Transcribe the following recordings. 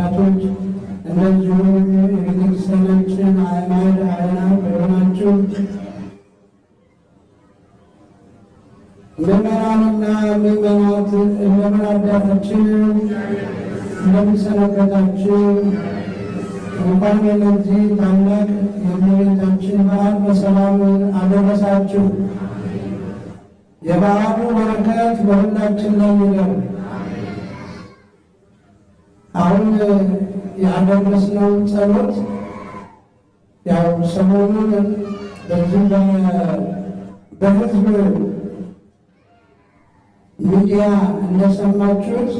አባቶች እንደዚሁም የቤተክርስቲያናችን ሃይማኖት አዕላፍ የሆናችሁ ምዕመናንና ምዕመናት እንደምን አዳታችን እንደምን ሰነበታችሁ? እንኳን ለዚህ ታላቅ የእመቤታችን በዓል በሰላም አደረሳችሁ። የበዓሉ በረከት በሁላችን ላይ ይደር። አሁን ያደረስነው ጸሎት ያው ሰሞኑን በዚህ በህዝብ ሚዲያ እንደሰማችሁት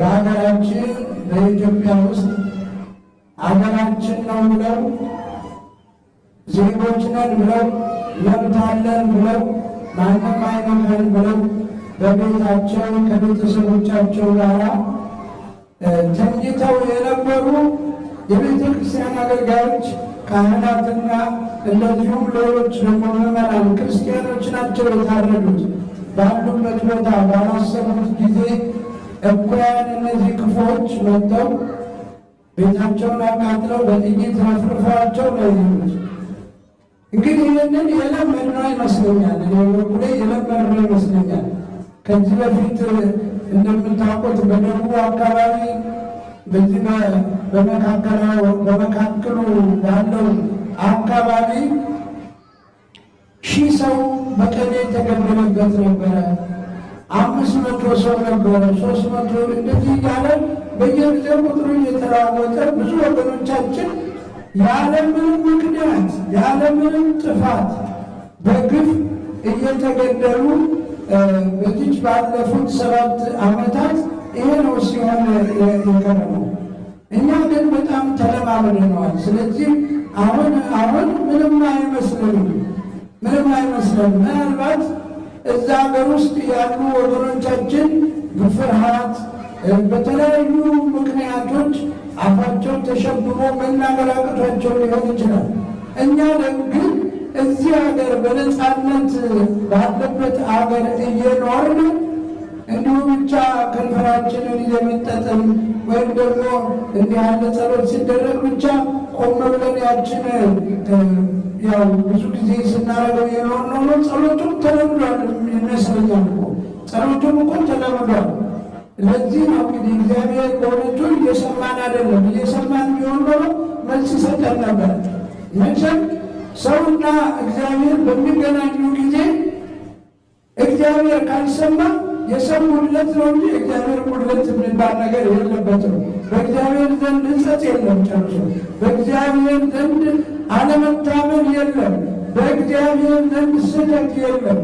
በሀገራችን በኢትዮጵያ ውስጥ ሀገራችን ነው ብለው ዜጎች ነን ብለው መብት ብለው ማንም አይነካን ብለው በቤታቸው ከቤተሰቦቻቸው ጋር ተኝተው የነበሩ የቤተ ክርስቲያን አገልጋዮች ካህናትና እንደዚሁም ሌሎች ደግሞ ምዕመናን ክርስቲያኖች ናቸው የታረዱት። ባሉበት ቦታ ባላሰቡት ጊዜ እኩያን እነዚህ ክፉዎች መጥተው ቤታቸውን አቃጥለው በጥይት ረፍርፈዋቸው ነው የሄዱት። እንግዲህ ይህንን የለመድነው ይመስለኛል፣ በኩሌ የለመድነው ይመስለኛል ከዚህ በፊት እንደምታውቁት በደቡብ አካባቢ በዚህ በመካከሉ ባለው አካባቢ ሺህ ሰው በቀን የተገደለበት ነበረ። አምስት መቶ ሰው ነበረ፣ ሶስት መቶ እንደዚህ እያለ በየጊዜው ቁጥሩ እየተለዋወጠ ብዙ ወገኖቻችን ያለምንም ምክንያት ያለምንም ጥፋት በግፍ እየተገደሉ በዚች ባለፉት ሰባት ዓመታት ይሄ ነው ሲሆን የቀረበው። እኛ ግን በጣም ተለማምደነዋል። ስለዚህ አሁን አሁን ምንም አይመስልም፣ ምንም አይመስልም። ምናልባት እዛ ሀገር ውስጥ ያሉ ወገኖቻችን በፍርሃት በተለያዩ ምክንያቶች አፋቸው ተሸብቦ መናገር አቅቷቸው ሊሆን ይችላል። እኛ ግን እዚህ ሀገር በነፃነት ባለበት ሀገር እየኖርን እንዲሁ ብቻ ከንፈራችንን የሚጠጥም ወይም ደግሞ እንዲህ ያለ ጸሎት ሲደረግ ብቻ ቆም ብለን ያችን ያው ብዙ ጊዜ ስናረገው የኖር ነው። ጸሎቱም ተለምዷል ይመስለኛል ጸሎቱም እኮ ተለምዷል። ለዚህ ነው እንግዲህ እግዚአብሔር በእውነቱ እየሰማን አይደለም። እየሰማን ቢሆን ኖሮ መልስ ይሰጠን ነበር መቼም ሰውና እግዚአብሔር በሚገናኙ ጊዜ እግዚአብሔር ካልሰማ የሰው ጉድለት ነው እንጂ እግዚአብሔር ጉድለት የሚባል ነገር የለበትም። በእግዚአብሔር ዘንድ እንጸት የለም ጨርሶ። በእግዚአብሔር ዘንድ አለመታመን የለም። በእግዚአብሔር ዘንድ ስደት የለም።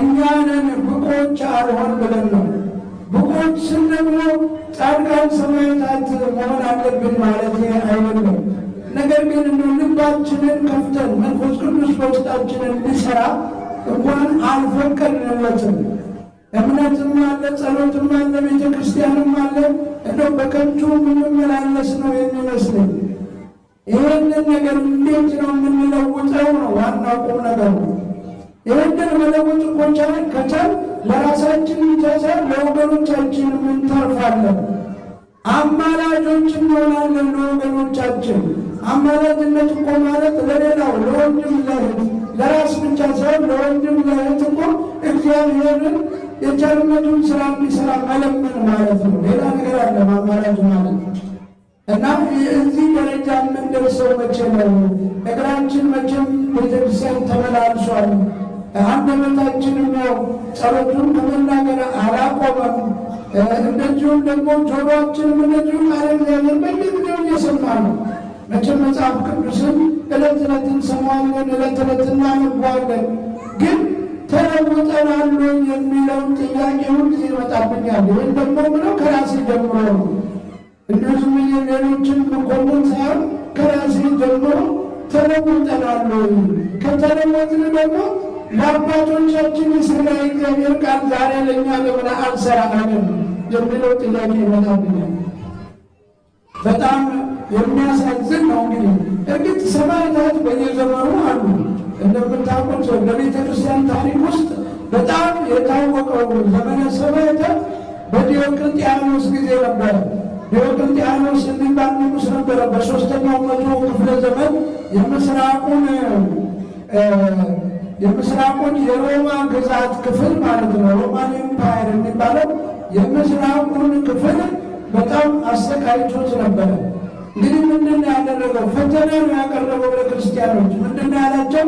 እኛንን ብቆች አልሆን ብለን ነው። ብቆች ስንል ጻድቃን ሰማዕታት መሆን አለብን ማለት አይደለም። ነገር ግን እንደው ልባችንን ከፍተን መንፈስ ቅዱስ በውስጣችንን እንዲሰራ እንኳን አልፈቀድንለትም። እምነትም አለ፣ ጸሎትም አለ፣ ቤተ ክርስቲያንም አለ። እንደው በከንቱ የምንመላለስ ነው የሚመስለኝ። ይህንን ነገር እንዴት ነው የምንለውጠው ነው ዋናው ቁም ነገር ነው። ይህንን መለወጥ እኮ ከቻል ለራሳችን ብቻ ለወገኖቻችን እንተርፋለን፣ አማላጆች እንሆናለን ለወገኖቻችን አማላጅነት እኮ ማለት ለሌላው ለወንድም ለእህት ለራስ ብቻ ሳይሆን ለወንድም ለእህት እኮ እግዚአብሔርን የቸርነቱን ስራ እንዲሰራ መለመን ማለት ነው። ሌላ ነገር አለ አማላጅ ማለት ነው። እና እዚህ ደረጃ የምንደርሰው መቼ ነው? እግራችን መቼም ቤተክርስቲያን ተመላልሷል። አንደበታችንም ያው ጸሎቱን ከመናገር አላቆመም። እንደዚሁም ደግሞ ጆሮአችንም እንደዚሁም አለ እግዚአብሔር በየጊዜው እየሰማ ነው መቼም መጽሐፍ ቅዱስን እለት ዕለት እንሰማለን፣ እለት እለት እናነባለን። ግን ተለውጠናል የሚለውን ጥያቄ ሁልጊዜ ይመጣብኛል። ይህን ደግሞ ብለው ከራሴ ጀምሮ እንደዚሁ ሌሎችን መኮንን ሳይሆን ከራሴ ጀምሮ ተለውጠናል። ከተለወጥን ደግሞ ለአባቶቻችን የሰራ እግዚአብሔር ቃል ዛሬ ለእኛ ለሆነ አልሰራ አለን የሚለው ጥያቄ ይመጣብኛል በጣም የሚያሳዝን ነው። እንግዲህ እርግጥ ሰማዕታት በየዘመኑ አሉ። እንደምታውቁት በቤተ ክርስቲያን ታሪክ ውስጥ በጣም የታወቀው ዘመነ ሰማዕታት በዲዮቅልጥያኖስ ጊዜ ነበረ። ዲዮቅልጥያኖስ የሚባል ንጉሥ ነበረ። በሶስተኛው መቶ ክፍለ ዘመን የምስራቁን የምስራቁን የሮማ ግዛት ክፍል ማለት ነው ሮማን ኤምፓየር የሚባለው የምስራቁን ክፍል በጣም አሰቃይቶት ነበረ። እንግዲህ ምንድን ነው ያደረገው? ፈተና ነው ያቀረበው ለክርስቲያኖች። ምንድን ነው ያላቸው?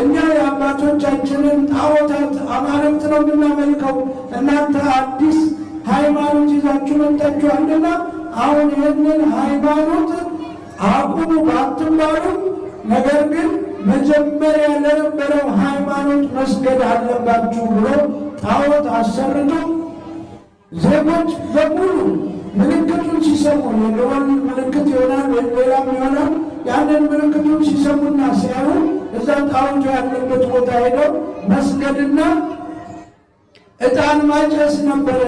እኛ የአባቶቻችንን ጣዖታት አማልክት ነው የምናመልከው፣ እናንተ አዲስ ሃይማኖት ይዛችሁ መጣችኋልና አሁን ይህንን ሃይማኖት አቁሙ፣ ባትማሩ ነገር ግን መጀመሪያ ለነበረው ሃይማኖት መስገድ አለባችሁ ብሎ ጣዖት አሰርቶ ዜጎች በሙሉ ምልክቱን ሲሰሙ የገባን ምልክት ይሆናል ወይም ሌላም ይሆናል። ያንን ምልክቱን ሲሰሙና ሲያዩ እዛ ጣዖቱ ያለበት ቦታ ሄደው መስገድና እጣን ማጨስ ነበረ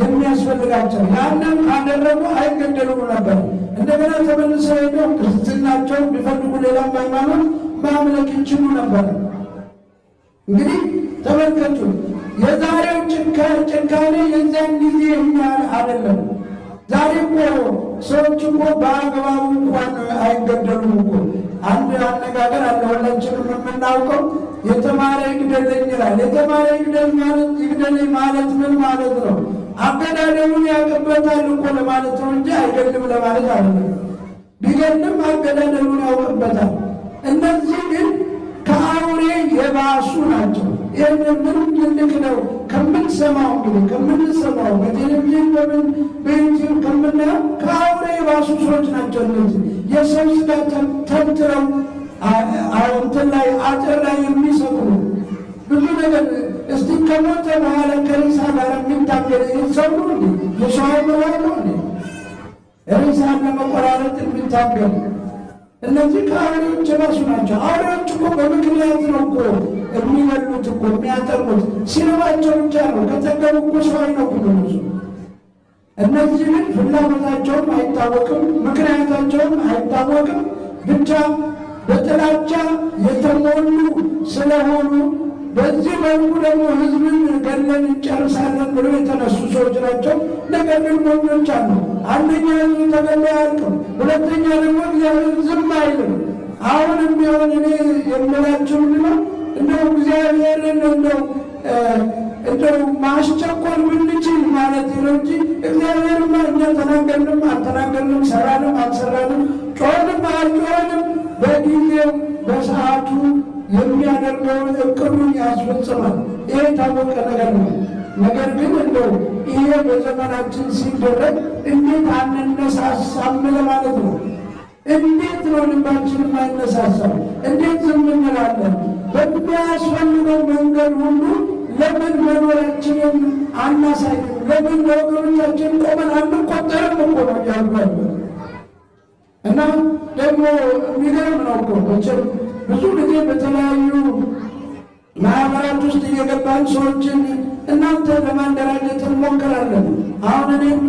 የሚያስፈልጋቸው። ያንን ካደረጉ አይገደሉም ነበር። እንደገና ተመልሰው ሄደው ክርስትናቸው ቢፈልጉ ሌላም ሃይማኖት ማምለክ ይችሉ ነበር። እንግዲህ ተመልከቱ፣ የዛሬው ጭካኔ የዚያን ጊዜ የሚያህል አይደለም። ዛሬ እኮ ሰዎች እኮ በአግባቡ እንኳን አይገደሉም እኮ። አንድ አነጋገር አለ፣ ሁላችንም የምናውቀው የተማረ ይግደለኝ ይላል። የተማረ ይግደል ማለት ይግደለኝ ማለት ምን ማለት ነው? አገዳደሉን ያውቅበታል እኮ ለማለት ነው እንጂ አይገድልም ለማለት አለ ቢገድልም አገዳደሉን ያውቅበታል። እነዚህ ግን ከአውሬ የባሱ ናቸው። ይህን ምን ትልቅ ነው ከምንሰማው እንግዲህ ከምንሰማው ሱሶች ናቸው። እነዚህ የሰው ስጋ ተንትረው እንትን ላይ አጥር ላይ ነው። ብዙ ነገር እስቲ ከሞተ በኋላ ከሬሳ ጋር የሚታገል ሰው ነው። የሰው አእምሮ ነው። ለመቆራረጥ የሚታገል እነዚህ ከአውሬዎች የባሱ ናቸው። አውሬዎች እኮ በምክንያት ነው እኮ የሚበሉት እኮ የሚያጠቁት ሲርባቸው ብቻ ነው። ከጠገቡ እኮ ሰው አይነኩ ነው። እነዚህ ግን ፍላጎታቸውም አይታወቅም፣ ምክንያታቸውም አይታወቅም፣ ብቻ በጥላቻ የተሞሉ ስለሆኑ በዚህ መልኩ ደግሞ ህዝብን ገለን እንጨርሳለን ብለው የተነሱ ሰዎች ናቸው። ነገር ግን ሞኞች አሉ። አንደኛ ህዝብ ተገላ አያልቅም፣ ሁለተኛ ደግሞ እግዚአብሔር ዝም አይልም። አሁን የሚሆን እኔ የምላቸው ምንድን እንደው እግዚአብሔርን እንደው እንደው ማስቸኮል ብንችል ማለት ነው እንጂ እግዚአብሔርማ እኛ ተናገርንም አልተናገርንም፣ ሰራንም አልሰራንም፣ ጮንም አልጮንም በጊዜው በሰዓቱ የሚያደርገውን እቅዱን ያስፈጽማል። ይሄ ታወቀ ነገር ነው። ነገር ግን እንደው ይሄ በዘመናችን ሲደረግ እንዴት አንነሳሳም ለማለት ነው። እንዴት ነው ልባችን የማይነሳሳው? እንዴት ዝም እንላለን? በሚያስፈልገው መንገድ ሁሉ ለምን መኖራችንን አናሳይም? ለምን ለወገኖቻችን ቆመን አንቆጠርም? እኮ ነው እያሉ እና ደግሞ የሚገርም ነው እኮ መቼም ብዙ ጊዜ በተለያዩ ማህበራት ውስጥ እየገባን ሰዎችን እናንተ ለማንደራጀት እንሞክራለን። አሁን እኔም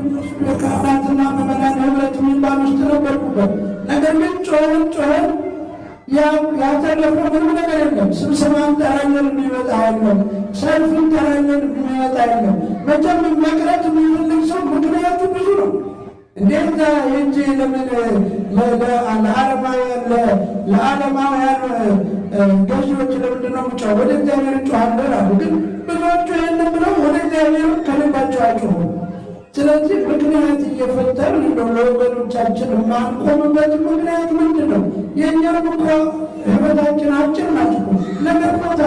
ካህናትና ምዕመናን ህብረት የሚባል ውስጥ ነበርኩበት። ነገር ግን ጮኸን ጮኸን ያተረፈው ምንም ነገር የለም። ስብሰባን ጠራለን የሚመጣ የለም። ሰልፍን ጠራለን የሚመጣ የለም። መቼም መቅረት የሚፈልግ ሰው ምክንያቱ ብዙ ነው። እንዴት እንጂ ለምን ለዓለማውያን ገዢዎች ለምንድን ነው የምጮኸው? ወደ እግዚአብሔር እጮሃለሁ አሉ። ግን ብዙዎቹ ይህን ብለው ወደ እግዚአብሔር ከልባቸው አይጮሁም። ስለዚህ ምክንያት እየፈጠርን ነው ለወገኖቻችን የማንቆምበት ምክንያት ምንድን ነው? የእኛም እኮ ህይወታችን አጭር ናት እኮ ለመጥፋት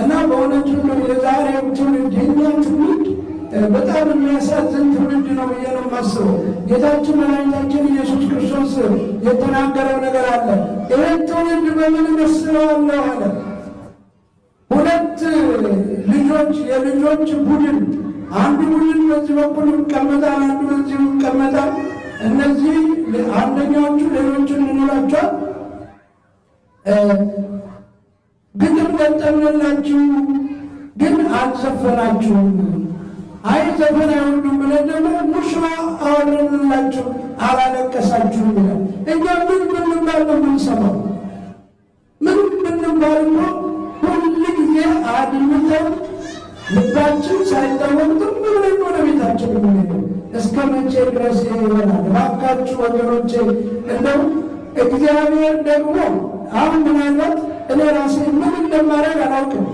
እና በእውነቱ ነው የዛሬው ትውልድ የኛ ትውልድ በጣም የሚያሳዝን ትውልድ ነው ብዬ ነው የማስበው። ጌታችን መድኃኒታችን ኢየሱስ ክርስቶስ የተናገረው ነገር አለ። ይህን ትውልድ በምን መስለዋለሁ አለ። ሁለት ልጆች የልጆች ቡድን አንዱ ቡድን በዚህ በኩል ይቀመጣል፣ አንዱ በዚህ ይቀመጣል። እነዚህ አንደኛዎቹ ሌሎችን እንላቸዋል። ግጥም ገጠምንላችሁ፣ ግን አልዘፈናችሁም። አይ ዘፈን አይወዱም ብለን ደግሞ ሙሽራ አወረንላችሁ፣ አላለቀሳችሁም ብለን እኛ ምን ብንባል ነው የምንሰማው? ምን ብንባል ነው ጊዜ አድምተን ልባችን ሳይታወቅ ዝም ብለን ወደ ቤታችን የምንሄደው እስከ መቼ ድረስ ይሆናል? እባካችሁ ወገኖቼ፣ እንደው እግዚአብሔር ደግሞ አሁን ምናልባት እኔ ራሴ ምን እንደማድረግ አላውቅም።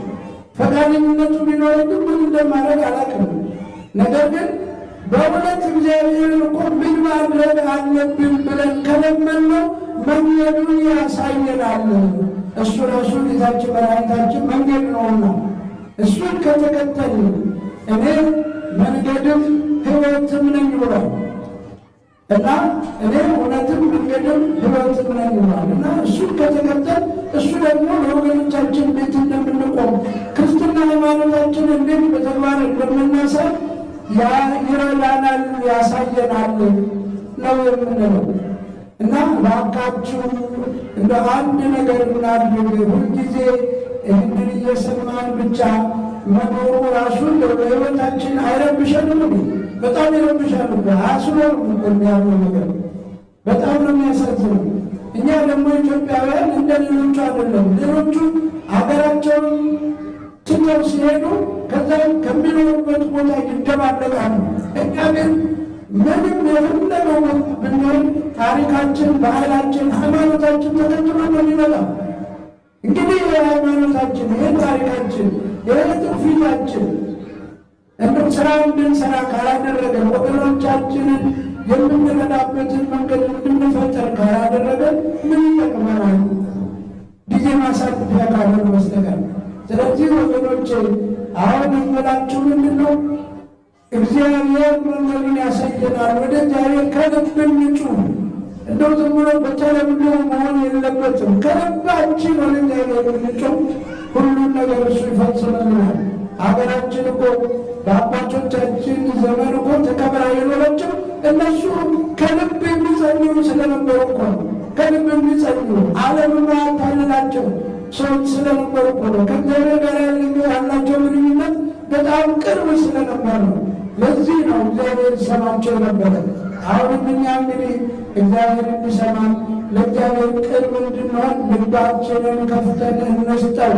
ፈቃደኝነቱ ግን ምን እንደማድረግ አላውቅም። ነገር ግን በእውነት እግዚአብሔር እኮ ምን ማድረግ አለብን ብለን ከለመነው መንገዱን ያሳየናል። እሱ ራሱ ጌታችን መድኃኒታችን መንገድ ነውና እሱን ከተከተል እኔ መንገድም ህይወትም ነኝ ብሏል እና እኔ እውነትም መንገድም ህይወትም ነኝ ብሏል እና እሱን ከተከተል እሱ ደግሞ ለወገኖቻችን ቤት እንደምንቆም ክርስትና ሃይማኖታችን እንዴት በተግባር እንደምናሳይ ይረዳናል፣ ያሳየናል ነው የምንለው። እና እባካችሁ እንደ አንድ ነገር ምናድርግ ሁልጊዜ እንደሰማን ብቻ መኖሩ ራሱ ለህይወታችን አይረብሸንም? በጣም ይረብሻሉ። አስሎ የሚያሉ ነገር በጣም ነው የሚያሳዝነው። እኛ ደግሞ ኢትዮጵያውያን እንደ ሌሎቹ አይደለም። ሌሎቹ ሀገራቸውን ትተው ሲሄዱ ከዛም ከሚኖሩበት ቦታ ይደባለቃሉ። እኛ ግን ምንም የፈለገው ብንሆን ታሪካችን፣ ባህላችን፣ ሃይማኖታችን ተከትሎ ነው የሚመጣው። እንግዲህ የሃይማኖታችን ይህን ታሪካችን ይህን ትውፊታችን እንዲሁም ስራ እንድንሰራ ካላደረገን ወገኖቻችንን የምንረዳበትን መንገድ እንድንፈጠር ካላደረገ ምን ይጠቅመናል? ጊዜ ማሳለፊያ ካልሆነ በስተቀር። ስለዚህ ወገኖቼ አሁን እንበላችሁ ምንድን ነው እግዚአብሔር መንገዱን ያሳየናል። ወደ እግዚአብሔር ከልብ እንጩህ እንደው ዝም ብሎ በቻለ መሆን የለበትም። ከልባችን ሆነን ያገግልቸው ሁሉም ነገር እሱ ይፈጽምልናል። ሀገራችን እኮ በአባቶቻችን ዘመን እኮ ተከብራ የኖረችው እነሱ ከልብ የሚጸልዩ ስለነበሩ እኮ ከልብ የሚጸልዩ ዓለም ማታልላቸው ሰዎች ስለነበሩ እኮ ነው። ከእግዚአብሔር ጋር ያላቸው ግንኙነት በጣም ቅርብ ስለነበር ነው። ለዚህ ነው እግዚአብሔር ሰማቸው ነበረ። አሁን እኛ እንግዲህ እግዚአብሔር እንዲሰማን ለእግዚአብሔር ቅርብ እንድንሆን ልባችንን ከፍተን እንስጠው።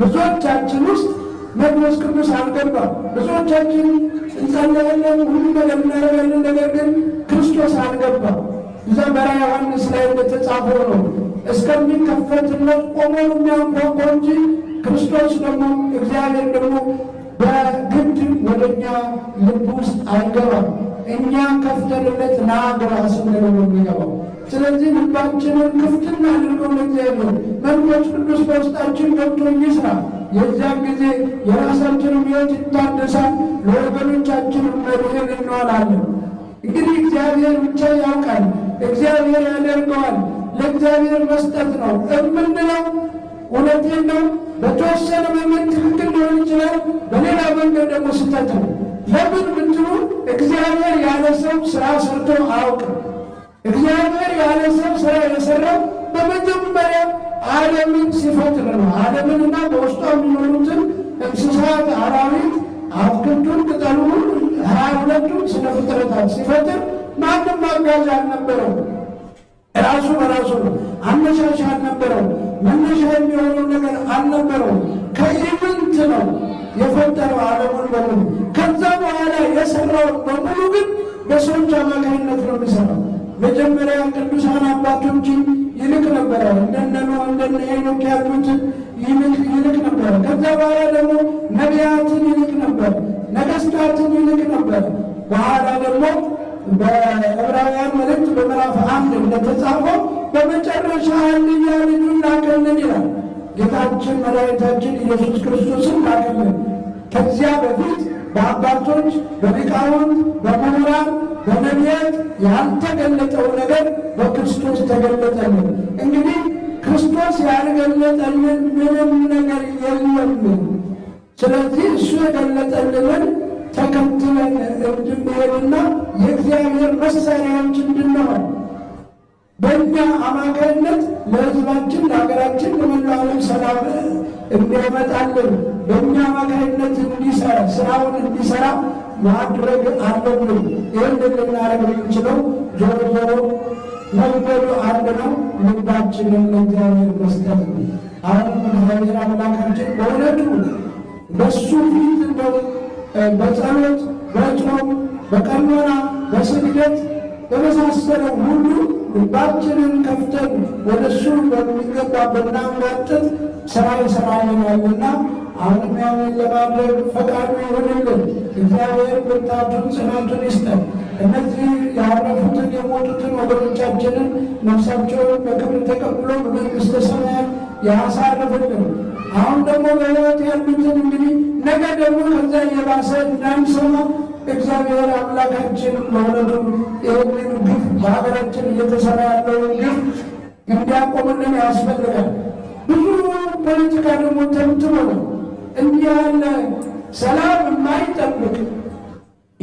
ብዙዎቻችን ውስጥ መቅደስ ቅዱስ አልገባም። ብዙዎቻችን እንጸለያለን፣ ሁሉ ነገር እናደርጋለን፣ ነገር ግን ክርስቶስ አልገባም። በራ ዮሐንስ ላይ እንደተጻፈው ነው እስከሚከፈትለት ቆሞ የሚያንኳኳ እንጂ ክርስቶስ ደግሞ እግዚአብሔር ደግሞ በግድ ወደ እኛ ልብ ውስጥ አይገባም። እኛ ከፍተንበት ለአገር አስብለን ነው የሚገባው። ስለዚህ ልባችንን ክፍት እናድርገው ለእግዚአብሔር። መንፈስ ቅዱስ በውስጣችን ገብቶ ይስራ። የዚያን ጊዜ የራሳችን ሕይወት ይታደሳል፣ ለወገኖቻችን መድህን እንሆናለን። እንግዲህ እግዚአብሔር ብቻ ያውቃል፣ እግዚአብሔር ያደርገዋል። ለእግዚአብሔር መስጠት ነው የምንለው። እውነቴን ነው። በተወሰነ መንገድ ትክክል ሊሆን ይችላል፣ በሌላ መንገድ ደግሞ ስህተት ነው። ለምን ብትሉ እግዚአብሔር ያለ ሰው ስራ ሰርቶ አያውቅም። እግዚአብሔር ያለ ሰው ስራ የሰራው በመጀመሪያ ዓለምን ሲፈጥር ነው። ዓለምንና በውስጧ የሚኖሩትን እንስሳት፣ አራዊት፣ አትክልቱን፣ ቅጠሉ ሀያ ሁለቱን ስነ ፍጥረታት ሲፈጥር ማንም አጋዥ አልነበረው። ራሱ በራሱ አነሻሻ አልነበረው። መነሻ የሚሆነው ነገር አልነበረው። ከኢምንት ነው የፈጠረው ዓለሙን በሙሉ ከዛ በኋላ የሰራውን በሙሉ ግን በሰዎች አማካኝነት ነው የሚሰራው። መጀመሪያ ቅዱሳን አባቶች ይልክ ነበረ፣ እንደነኖ እንደነ ሄኖክ ያሉትን ይልክ ነበረ። ከዛ በኋላ ደግሞ ነቢያትን ይልክ ነበር፣ ነገስታትን ይልቅ ነበር። በኋላ ደግሞ በዕብራውያን መልእክት በምዕራፍ አንድ እንደተጻፈው በመጨረሻ አንድያ ልጁን ላከልን ይላል። ጌታችን መድኃኒታችን ኢየሱስ ክርስቶስን ላከልን። ከዚያ በፊት በአባቶች በሊቃውንት በምሁራን በነቢያት ያልተገለጠው ነገር በክርስቶስ ተገለጠልን። እንግዲህ ክርስቶስ ያልገለጠልን ምንም ነገር የለምን። ስለዚህ እሱ የገለጠልንን ተከትለን እንድንሄድና የእግዚአብሔር መሳሪያዎች እንድንሆን አማካይነት ለህዝባችን፣ ለሀገራችን፣ ለመላው ሰላም እንዲያመጣልን በእኛ አማካይነት እንዲሰራ ስራውን እንዲሰራ ማድረግ አለብን። ይህን ልናደርግ የምንችለው ዞሮ ዞሮ መንገዱ አንድ ነው፣ ልባችንን ለእግዚአብሔር መስጠት ነው። አሁን እግዚአብሔር አምላካችን በእውነቱ በሱ ፊት እንደው በጸሎት በጾም በቀኖና በስግደት በመሳሰለው ሁሉ ልባችንን ከፍተን ወደ እሱ በሚገባ ብናንጋጥጥ ሰማይ ነውና አሁንም ያንን ለማድረግ ፈቃዱ ይሁንልን። እግዚአብሔር ብርታቱን ጽናቱን ይስጠን። እነዚህ ያረፉትን የሞቱትን ወገኖቻችንን ነፍሳቸውን በክብር ተቀብሎ በመንግሥተ ሰማያት ያሳርፍልን። አሁን ደግሞ በሕይወት ያሉትን እንግዲህ ነገ ደግሞ ከዛ የባሰ እንዳንሰማ እግዚአብሔር አምላካችን መውለዱን ይህንን ግፍ በሀገራችን እየተሰራ ያለውን ግፍ እንዲያቆምልን ያስፈልጋል። ብዙ ፖለቲካ ደግሞ ተምትሞ ነው እንዲህ ያለ ሰላም የማይጠብቅ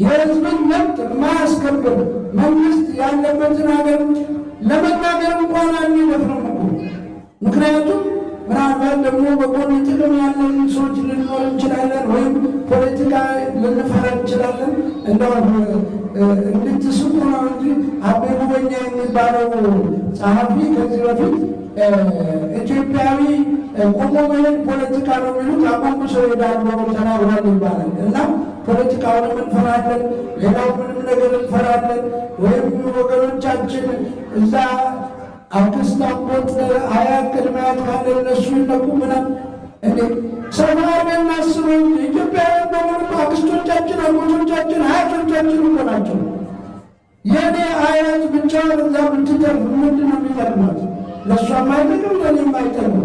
የህዝብን መብት የማያስከብር መንግስት ያለበትን ሀገር ለመናገር እንኳን አንደፍርም። ምክንያቱም ምናልባት ደግሞ በጎን ጥቅም ያለን ሰዎች ልንኖር እንችላለን፣ ወይም ፖለቲካ ልንፈራ እንችላለን። እንደው እንድትስሙ ነው እንጂ አቤ ጉበኛ የሚባለው ጸሐፊ ከዚህ በፊት ኢትዮጵያዊ ቁሞ መሄድ ፖለቲካ ነው የሚሉት አቆሙ ሰው ሄዳሉ ተናግሯል ይባላል እና ፖለቲካውንም እንፈራለን፣ ሌላው ምንም ነገር እንፈራለን። ወይም ወገኖቻችን እዛ አክስት አጎት አያት ቅድማያት ካለ እነሱ ይነቁ ምናምን እንዴ ሰማር እናስሩ። ኢትዮጵያውያን በሙሉ አክስቶቻችን፣ አጎቶቻችን፣ አያቶቻችን እኮ ናቸው። የእኔ አያት ብቻ በዛ ብትተርፍ ምንድን ነው የሚጠቅማት? ለእሷም አይጠቅም፣ ለእኔም አይጠቅም።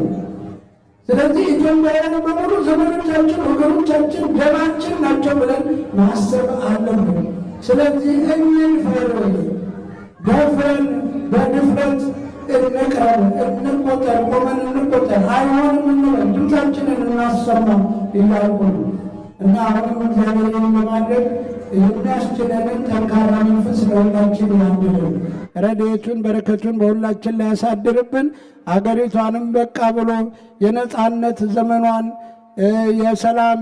ስለዚህ ኢትዮጵያውያን በሙሉ ዘመኖቻችን ወገኖቻችን፣ ደማችን ናቸው ብለን ማሰብ አለብን። ስለዚህ እንፈር ደፈን በድ እንቅረብ፣ እንቆጠር፣ ቆመን እንቆጠር፣ አይሆንም እንበል፣ እናሰማ እና አሁንም እግዚአብሔርን ለማድረግ የሚያስችለንን ጠንካራ መንፈስ ለሁላችን ያድርብን። ረድኤቱን በረከቱን በሁላችን ላይ ያሳድርብን። አገሪቷንም በቃ ብሎ የነፃነት ዘመኗን የሰላም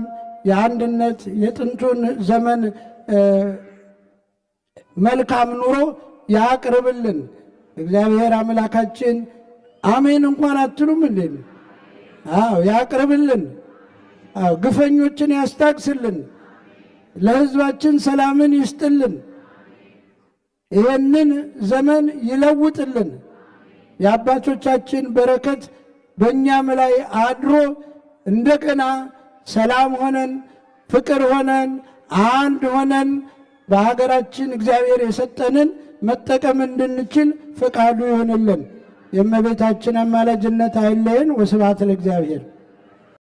የአንድነት የጥንቱን ዘመን መልካም ኑሮ ያቅርብልን። እግዚአብሔር አምላካችን አሜን እንኳን አትሉም እንዴ? አዎ ያቅርብልን፣ ግፈኞችን ያስታቅስልን፣ ለሕዝባችን ሰላምን ይስጥልን፣ ይህንን ዘመን ይለውጥልን። የአባቶቻችን በረከት በእኛም ላይ አድሮ እንደገና ሰላም ሆነን ፍቅር ሆነን አንድ ሆነን በሀገራችን እግዚአብሔር የሰጠንን መጠቀም እንድንችል ፈቃዱ ይሆንልን። የእመቤታችን አማላጅነት አይለየን። ወስብሐት ለእግዚአብሔር።